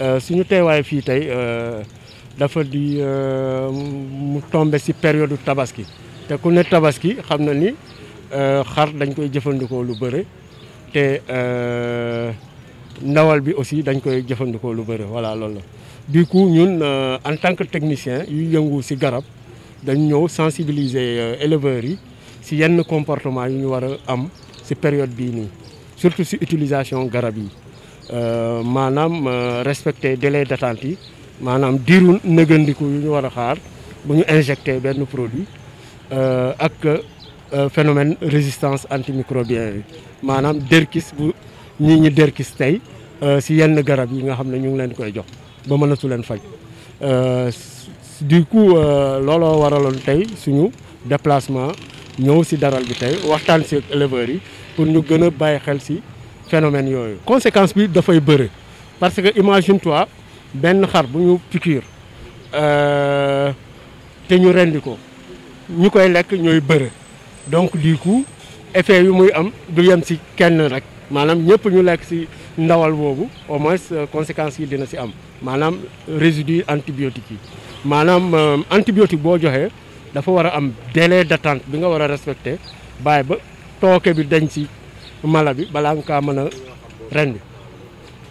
Euh, suñu teewaay fii tey euh, dafa di euh, mu tombe si période tabaski te ku ne tabaski xam na ni xar dañ koy jëfandikoo lu bëre te ndawal bi aussi dañ koy jëfandikoo lu bëre voilà loolu la. du coup ñun en tant que technicien yu yëngu si garab dañ ñëw sensibiliser éleveurs yi si yenn comportement yu ñu war a am si période bii nii surtout si utilisation garab yi. Euh, maanaam euh, respecter délai d'attente yi maanaam diiru nëgëndiku yu ñu war a xaar bu ñu injecté benn produit euh, ak phénomène résistance antimicrobienne yi maanaam derkis bu ñi ñi dërkis tey si yenn garab yi nga xam ne ñu ngi leen koy jox ba mënatu leen faj du coup looloo waraloon tey suñu déplacement ñëw si daral bi tey waxtaan si éleveurs yi pour ñu gën a bàyyi xel si phénomène yooyu conséquence bi dafay bëri parce que imagine toi benn xar bu ñu piqûre euh, te ñu rendi ko ñu koy lekk ñooy bëri donc di coup effet yu muy am du yem si kenn rek maanaam ñëpp ñu lekk si ndawal boobu au moins euh, conséquences yi dina si am maanaam résidus antibiotiques yi maanaam euh, antibiotique boo joxee dafa war a am délai d'attente bi nga war a respecter baay ba tooke bi deñ si mala bi balaa nga kaa mën a rendi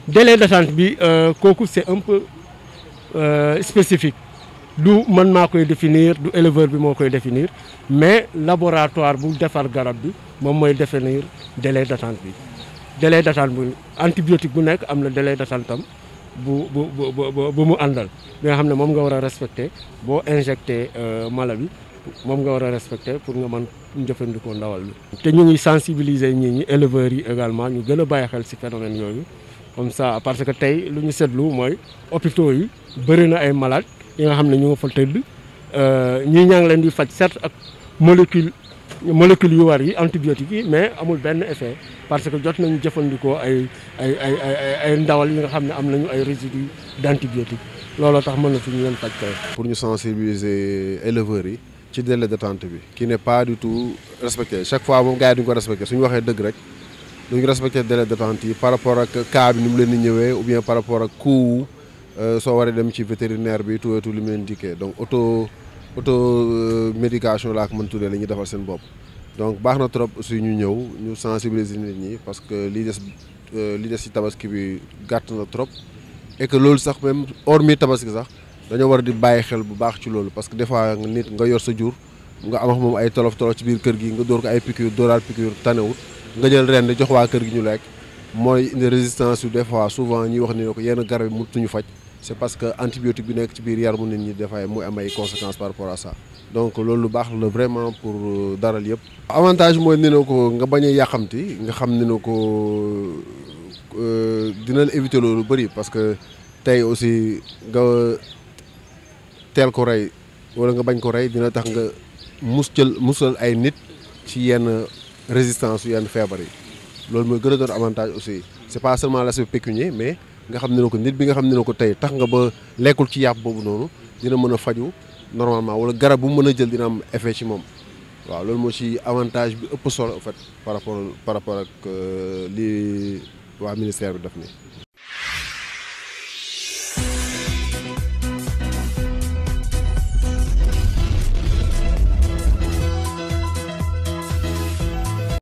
délai d'attente bi euh, kooku c'est un peu euh, spécifique du man maa koy définir du éleveur bi moo koy définir mais laboratoire bu defar garab bi moom mooy définir délai d'attente bi délai d'attente bu antibiotique bu nekk am na délai d'attente am bu bu bu bu mu àndal bi nga xam ne moom nga war a respecter boo injecté euh, mala bi moom nga war a respecté pour nga mën jëfandikoo ndawal bi. te ñu ngi sensibiliser ñii ñi éleveurs yi également ñu gën a bàyyi xel si phénomène yooyu comme ça parce que tey lu ñu seetlu mooy hôpitaux yi bëri na ay malade yi nga xam ne ñu nga fa tëdd euh, ñii ñaa ngi leen di faj set ak molécule molécule yu war yi antibiotiques yi mais amul benn effet parce que jot nañu jëfandikoo ay ay ay ay ndawal yi nga xam ne am nañu ay résidus d' antibiotiques looloo tax mën na fi ñu leen faj kay pour ñu sensibiliser éleveurs yi. ci délai d'attente bi qui n'est pas du tout respecté chaque fois moom gars yi duñ ko respecté suñu waxee dëgg rek duñ respecté délai d'attente yi par rapport ak cas bi ni mu leen di ñëwee ou bien par rapport ak coût euh, soo waree dem ci vétérinaire bi tuweetu li mu leen dikkee donc auto auto euh, médication laa ko mën tuddee la ñuy defal seen bopp donc baax na trop aussi ñu ñëw ñu sensibiliser nit ñi parce que li des euh, li des ci tabaski bi gàtt na trop et loolu sax même hormis tabaski sax dañoo war di bàyyi xel bu baax ci loolu parce que des fois nit nga yor sa jur nga am ak moom ay tolof tolof ci biir kër gi nga dóor ko ay piqûre dóoraat piqûre tanewut nga jël ren di jox waa kër gi ñu lekk mooy indi résistance yu des fois souvent ñuy wax ne ko yenn garab yi mënatuñu faj c' est parce que antibiotique bi nekk ci biir yaramu nit ñi dafay muy am ay conséquences par rapport à ça donc loolu lu baax la vraiment pour euh, daral yëpp. avantage mooy ne ko nga bañ a yàqamti nga xam ne ko euh, dinañ éviter loolu bëri parce que tey aussi nga. teel ko rey wala nga bañ ko rey dina tax nga mus muscal musal ay nit ci yenn résistance yu yenn feebar yi loolu mooy gën a doon avantage aussi c'est pas la l'aspect pécunier mais nga xam ne ne ko nit bi nga xam ne ne ko tey tax nga ba lekkul ci yàpp boobu noonu dina mën a faju normalement wala garab bu mën a jël dina am effet ci moom waaw loolu moo ci avantage bi ëpp solo en par rapport par rapport ak euh, li waa ministère bi def nii